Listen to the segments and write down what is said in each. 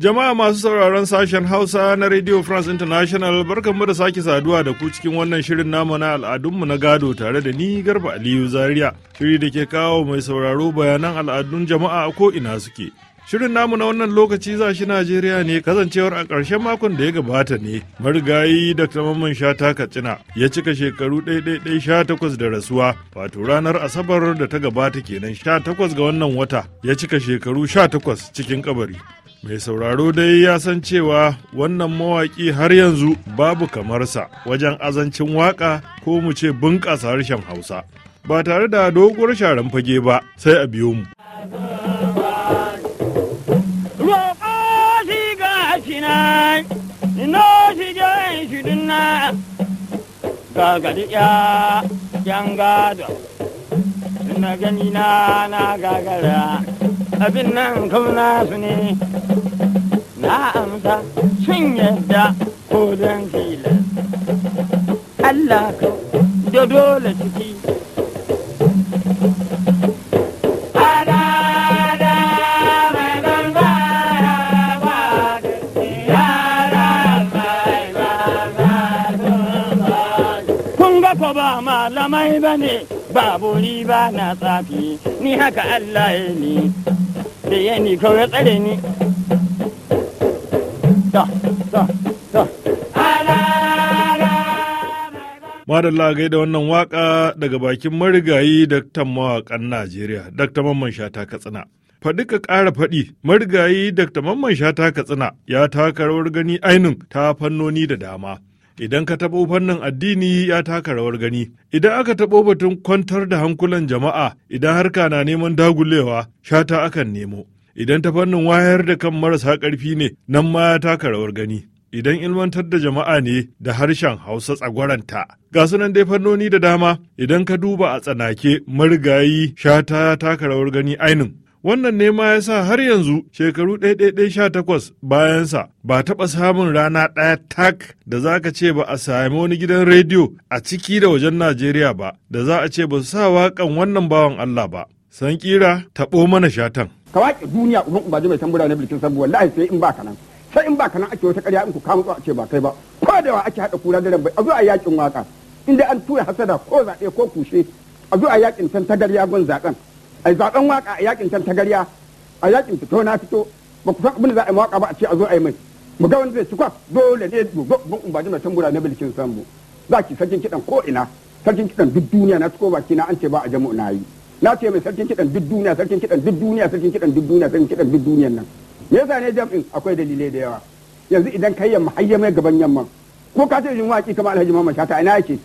Jama'a masu sauraron sashen Hausa na Radio France International barkanmu da sake saduwa da ku cikin wannan shirin namu na al'adunmu na gado tare da ni Garba Aliyu Zaria. Shiri da ke kawo mai sauraro bayanan al'adun jama'a a ko'ina suke. Shirin namu na wannan lokaci za shi Najeriya ne kasancewar a ƙarshen makon da ya gabata ne marigayi Dr. Mamman Shata Katsina ya cika shekaru sha takwas da rasuwa wato ranar Asabar da ta gabata kenan sha takwas ga wannan wata ya cika shekaru sha takwas cikin kabari. mai sauraro dai ya san cewa wannan mawaƙi har yanzu babu kamar sa wajen azancin waƙa ko mu ce bunƙasa harshen hausa ba tare da doguwar sharan fage ba sai a biyo mu na gani na na gagara abin nan kauna su ne ta amsa sun yadda ko don tilas Allah ka da dole ciki ko ba malamai ba ne babu riba na tsafi ni haka Allah ya ni da ya ni kawai tsare ni Madalla gai da wannan waka daga bakin marigayi daktan mawakan Najeriya, Dr. Mamman Shata Katsina. Faɗi ka ƙara faɗi, marigayi Dr. Mamman Shata Katsina ya taka rawar gani ainun ta fannoni da dama. Idan ka taɓo fannin addini ya taka rawar gani, idan aka taɓo batun kwantar da hankulan jama'a idan harka na neman dagulewa, shata akan nemo. Idan ta fannin wayar da kan marasa ƙarfi ne, nan ma ya taka rawar gani. idan ilmantar da jama'a ne da harshen Hausa tsagwaranta. Ga sunan dai fannoni da dama idan ka duba a tsanake marigayi shata ya taka rawar gani ainin. Wannan ne ma ya sa har yanzu shekaru ɗaiɗaiɗai sha takwas bayansa ba taɓa samun rana ɗaya tak da za ka ce ba a sami wani gidan rediyo a ciki da wajen Najeriya ba da za a ce ba su sa waƙan wannan bawan Allah ba. San ƙira taɓo mana shatan. Ka waƙe duniya uban ubaje mai tambura na bilkin sabuwa wallahi sai in ba ka nan. sai in ba kana ake wata ƙarya in ku kama a ce ba kai ba ko da yawa ake haɗa kura da bai a zo a yakin waka inda an tura hasada ko zaɓe ko kushe a zo a yakin can tagarya gun zaɓen a zaɓen waka a yakin can tagarya a yakin fito na fito ba ku san abin da za a yi waka ba a ce a zo a yi mai mu ga wani zai ci kwas dole ne dubban in ba jima tambura na bilkin sambo za ki sarkin kiɗan ko ina sarkin kiɗan duk duniya na ciko baki na an ce ba a jamu na yi na ce mai sarkin kiɗan duk duniya sarkin kiɗan duk duniya sarkin kiɗan duk duniya sarkin kiɗan duk duniyan nan me yasa ne jam'in akwai dalilai da yawa yanzu idan kai yamma har yamma gaban yamma ko ka ce yin waki kamar Alhaji Muhammad Shata ina yake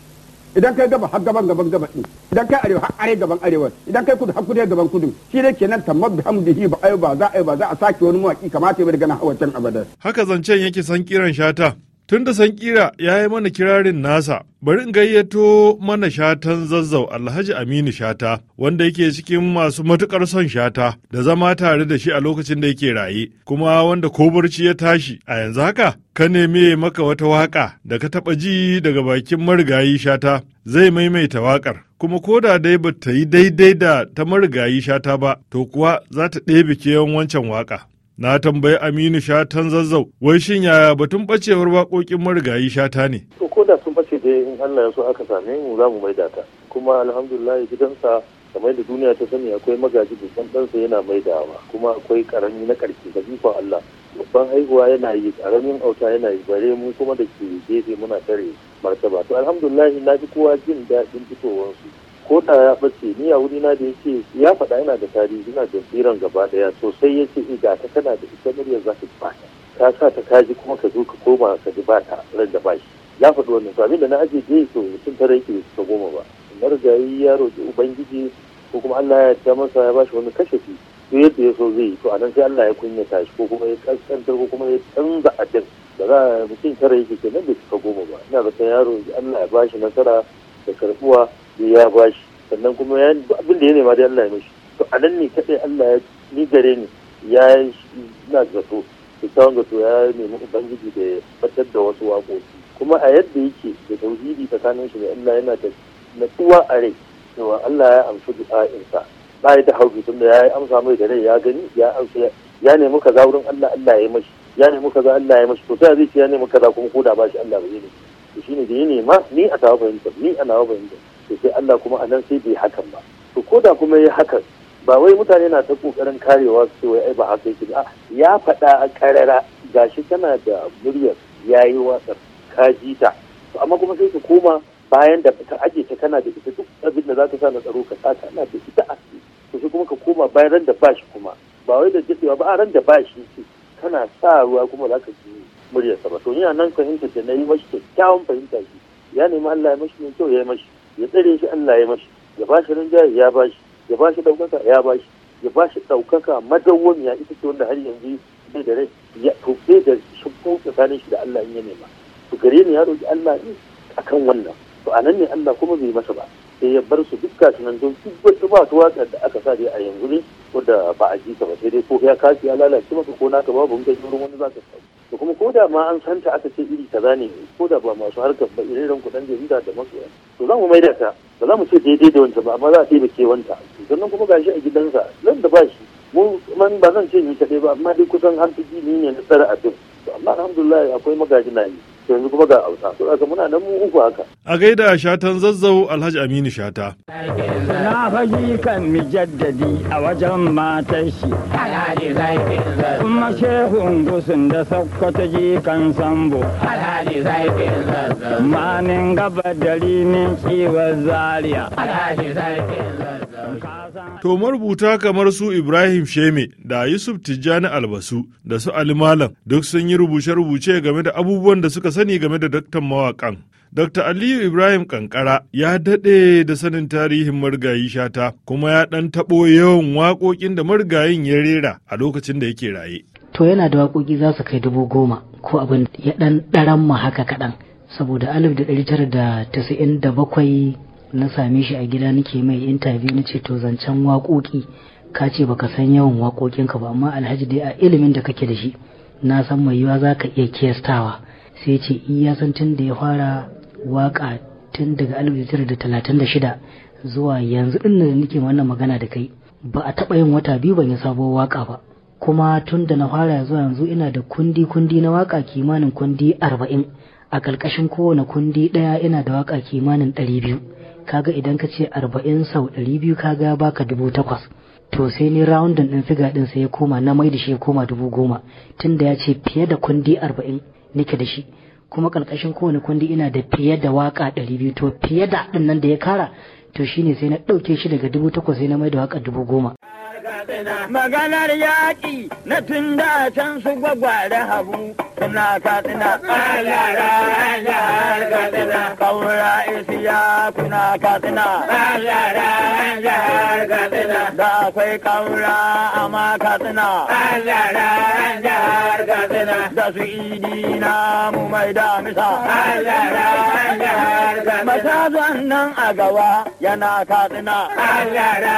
idan kai gaba har gaban gaban gaba din idan kai arewa har are gaban arewa idan kai kudu har kudu gaban kudu shi ne kenan tamma bi hamdihi ba ai ba za a ba za a sake wani mawaki kamata ya daga na can abada haka zancen yake san kiran shata Tun da san kira ya yi mana kirarin nasa, bari in gayyato mana shatan zazzau Alhaji Aminu Shata, wanda yake cikin masu matukar son shata da zama tare da shi a lokacin da yake raye, kuma wanda ko barci ya tashi a yanzu haka, ka neme maka wata waka da ka taba ji daga bakin marigayi shata zai maimaita wakar. Kuma ko da dai ba ta yi daidai da ta marigayi shata ba, to kuwa za ta ɗebe ke wancan waka. Na tambayi Aminu Shatan Zazzau, wai shin yaya batun bacewar waƙoƙin marigayi Shata ne? To ko da sun da dai in Allah ya so aka same mu za mu maida ta. Kuma alhamdulillah gidansa kamar da duniya ta sani akwai magaji san ɗansa yana maidawa kuma akwai karami na ƙarshe da ikon Allah. Babban haihuwa yana yi, karamin auta yana yi, bare mu kuma da ke gefe muna tare martaba. To alhamdulillah na fi kowa jin daɗin fitowarsu. ko ya bace ni a wurina da yake ya faɗa yana da tarihi yana da tsiran gaba daya sosai ya ce eh, ga ta kana da ita muryar za ka ba ta ka sa ta kaji kuma ka zo ka koma ka ji ba ta ran da bashi ya faɗi wannan to abinda na ajiye je to mutum tare yake ta goma ba yi ya roƙi ubangiji ko kuma Allah ya ta masa ya bashi wani kashafi to yadda ya so zai to anan sai Allah ya kunyata shi ko kuma ya kaskantar ko kuma ya canza adin da za a mutum tare yake kenan bai cika goma ba ina zaton yaro Allah ya bashi nasara da karbuwa ya bashi sannan kuma ya abin da ya nema da Allah ya mishi to a nan ne kadai Allah ya ni gare ni ya na zato tsawon zato ya nemi ubangiji da ya fatar da wasu waƙoƙi kuma a yadda yake da tauhidi tsakanin shi da Allah yana da natsuwa a rai cewa Allah ya amsa du'a'insa ba da hauki da ya amsa mai da rai ya gani ya amsa ya nemi kaza wurin Allah Allah ya mashi ya nemi kaza Allah ya mashi to sai zai ce ya nemi kaza kuma koda ba shi Allah ba zai ne to shine da ya nema ni a tawa fahimta ni a nawa fahimta to sai Allah kuma a nan sai bai hakan ba to ko da kuma ya hakan ba wai mutane na ta kokarin karewa su wai ai ba haka yake ba ya faɗa a karara gashi tana da muryar yayi watsar ka ji ta to amma kuma sai ka koma bayan da ka aje ta kana da ita duk abin da za ta sa na tsaro ka tsaka. Ana da ita a to sai kuma ka koma bayan ran da ba shi kuma ba wai da jitsewa ba a ran da ba shi kana sa ruwa kuma za ka ji muryarsa ba to ina nan fahimta da na yi mashi kyakkyawan fahimta shi ya nemi Allah ya mashi mai kyau ya yi mashi ya tsare shi Allah ya mashi ya bashi rinjaye ya bashi ya bashi daukaka ya bashi ya bashi daukaka madawwamiya ita ce wanda har yanzu bai da rai ya to da shakku tsakanin shi da Allah in ya nema to gare ni ya roki Allah ne akan wannan to anan ne Allah kuma bai masa ba sai ya bar su dukka su nan don duk wata ba da aka sa dai a yanzu ne wanda ba a ji ta ba sai dai ko ya kafi ya lalace maka ko naka babu mun kai wurin wani za ka samu to kuma ko da ma an santa aka ce iri kaza ne ko da ba masu harkar ba irin kudin jarida da masoya to za mu maida ta ba za mu ce daidai da wanta ba amma za a ce ke wanta sannan kuma gashi a gidansa nan da ba shi mu man ba zan ce ni kaɗai ba amma dai kusan har ne na tsara a to amma alhamdulillah akwai magajina ne yanzu kuma ga hausa to haka muna nan mu uku haka a gaida shatan zazzau alhaji aminu shata na fagi kan mijaddadi a wajen matar shi kuma shehun gusun da sakkwata ji kan sambo manin gaba dari min kiwon zaria To marubuta kamar su Ibrahim Sheme da Yusuf Tijjani Albasu da su Ali Malam duk sun yi rubuce-rubuce game da abubuwan da suka sani game da daktan mawakan. Dr. Aliyu Ibrahim Kankara ya daɗe da sanin tarihin marigayi shata kuma ya ɗan taɓo yawan waƙoƙin da marigayin ya rera a lokacin da yake raye. To yana da waƙoƙi za su kai dubu goma ko abin ya ɗan ɗaran ma haka kaɗan. Saboda alif da ɗari tara da tasa'in da bakwai na same shi a gida nake mai interview na ce to zancen waƙoƙi ka ce baka san yawan waƙoƙinka ba amma alhaji dai a ilimin da kake da shi na san mai yiwa za ka iya kiyastawa sai ce iya eh, san tun da ya fara waƙa tun daga alif da talatin da shida zuwa yanzu ɗin da nake wannan magana da kai ba a taɓa yin wata biyu ban yi sabuwar waƙa ba kuma tun da na fara zuwa yanzu ina da kundi kundi na waƙa kimanin kundi arba'in a ƙarƙashin kowane kundi ɗaya ina da waƙa kimanin ɗari biyu kaga idan ka ce arba'in sau ɗari biyu kaga baka dubu takwas to sai ni rawandan ɗin figa ɗin sai ya koma na mai da shi ya koma dubu goma tunda ya ce fiye da kundi arba'in nake da shi kuma ƙarƙashin kowane kundi ina da fiye da waka ɗari biyu to fiye da ɗin nan da ya kara to shi ne sai na ɗauke shi daga dubu takwas sai na mai da waka dubu goma. maganar yaƙi na tun da can su gwagware habu tana katina alara alar katina Kawura isiya kuna katina alara alar katina da kai kawura amma katina alara alar katina da su idi na mu mai da misa alara katina matazan nan a gaba yana katina alara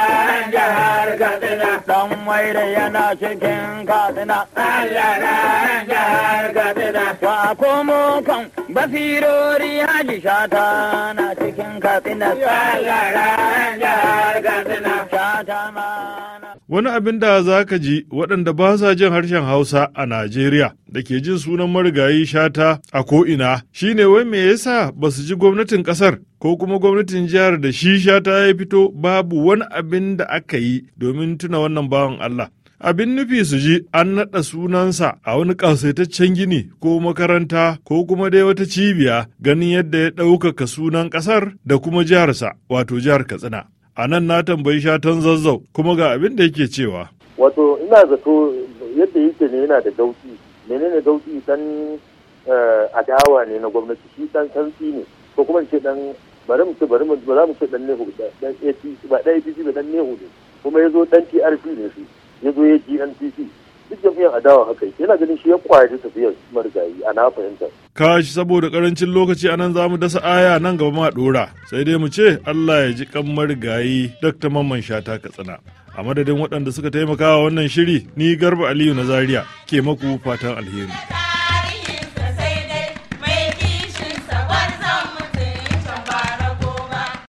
alar katina dan waire yana cikin katina alara alar Wa komo kan basirori haji shata na cikin katsina. Wani abin da za ka ji waɗanda ba sa jin harshen Hausa a Najeriya da ke jin sunan marigayi shata a ko'ina shine wai me yasa ba su ji gwamnatin ƙasar ko kuma gwamnatin jihar da shi shata ya fito babu wani abin da aka yi domin tuna wannan bawan Allah. abin nufi su ji an naɗa sunansa a wani ƙasaitaccen gini ko makaranta ko kuma dai wata cibiya ganin yadda ya ɗaukaka sunan ƙasar da kuma jiharsa wato jihar katsina a nan na tambayi shatan zazzau kuma ga abin da yake cewa wato ina zato yadda yake ne yana da gauki menene gauki san eh, adawa ne na gwamnati shi san santsi ne ko kuma ce dan bari mu ce bari mu ba za mu ce dan ne ba dan ba dan ne kuma yazo dan TRP ne shi ya zo ya GNPC duk jam'iyyar adawa haka yana ganin shi ya kwaya tafiyar marigayi a na fahimta. kashi saboda karancin lokaci a nan za mu dasa aya nan gaba ma dora sai dai mu ce Allah ya ji kan marigayi Dr. Mamman Shata Katsina. A madadin waɗanda suka taimaka wa wannan shiri ni Garba Aliyu na Zaria ke maku fatan alheri.